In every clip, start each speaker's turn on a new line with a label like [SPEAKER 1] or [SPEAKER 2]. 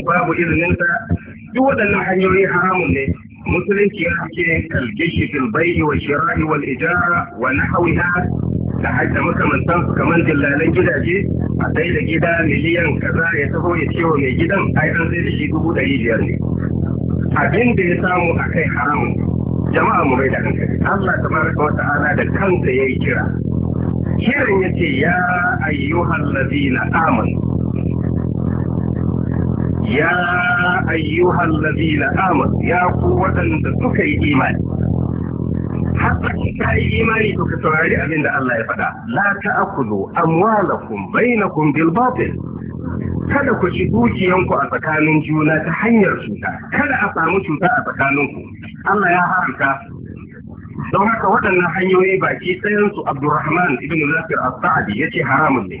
[SPEAKER 1] babu izininsa duk waɗannan hanyoyi haramun ne musulunci ya hake kalgishi fil bai'i wa shira'i wal ijara wa nahawiha da makamantan su kamar dillalan gidaje a sai da gida miliyan kaza ya taho ya ce wa mai gidan ai an sai da shi dubu ɗari biyar ne abin da ya samu a kai haramun jama'a mu bai da hankali Allah tabaraka wa da kansa yayi kira kiran yace ya ayyuhal ladina amanu ya ayyuhan na amanu ya ku waɗanda suka yi imani haka ka yi imani to ka saurari abin Allah ya faɗa la ta'khudhu amwalakum bainakum bil batil kada ku ci dukiyanku a tsakanin juna ta hanyar cuta kada a samu cuta a tsakaninku Allah ya haramta don haka waɗannan hanyoyi baki sayansu Abdurrahman ibn Zafir as-Sa'di yace haramun ne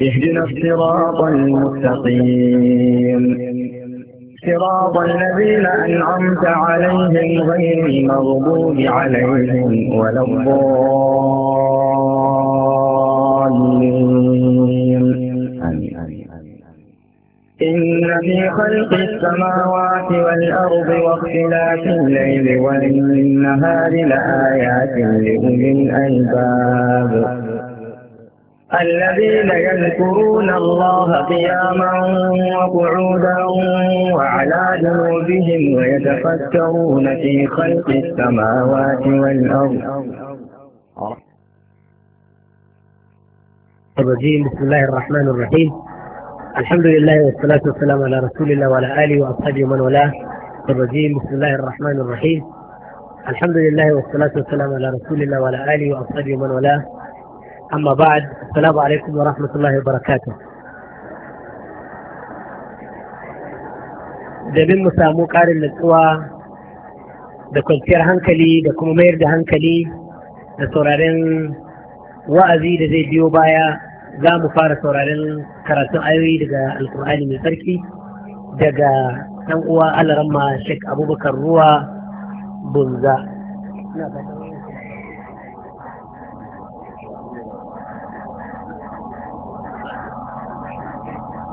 [SPEAKER 2] اهدنا الصراط المستقيم صراط الذين أنعمت عليهم غير المغضوب عليهم ولا الضالين إن في خلق السماوات والأرض واختلاف الليل والنهار لآيات لأولي الألباب الذين يذكرون الله قياما وقعودا وعلى جنوبهم ويتفكرون في خلق السماوات والأرض الرجيم بسم الله الرحمن الرحيم الحمد لله والصلاة والسلام على رسول الله وعلى آله وأصحابه ومن والاه الرجيم بسم الله الرحمن الرحيم الحمد لله والصلاة والسلام على رسول الله وعلى آله وأصحابه ومن والاه أما بعد السلام عليكم ورحمة الله وبركاته domin mu samu ƙarin natsuwa da kwanciyar hankali da kuma mayar da hankali da sauraren wa'azi da zai biyo baya za mu fara sauraren karatun ayoyi daga alkur'ani mai sarki daga ɗan uwa alaramma shek abubakar ruwa bunza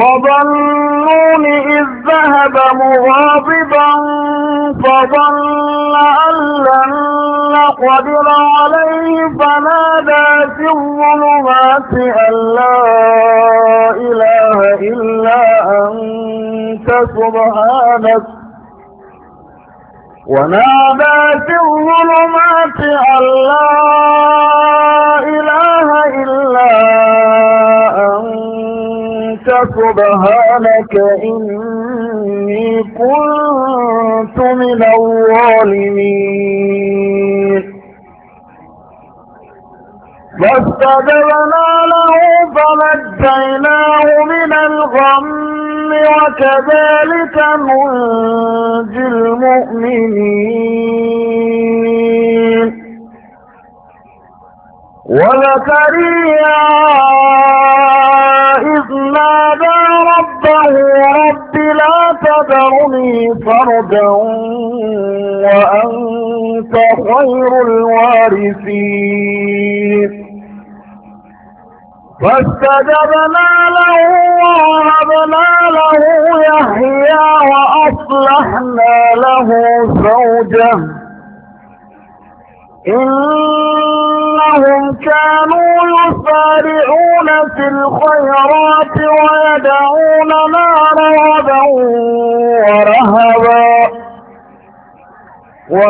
[SPEAKER 3] وظنون إذ ذهب مغاضبا فظن أن لن نقدر عليه فنادى في الظلمات أن لا إله إلا أنت سبحانك ونادى سبحانك إني كنت من الظالمين فاستجبنا له فنجيناه من الغم وكذلك ننجي المؤمنين وزكريا فذرني فردا وأنت خير الوارثين فاستجبنا له وهبنا له يحيى وأصلحنا له زوجه إنهم كانوا يسارعون في الخيرات ويدعوننا رغبا ورهبا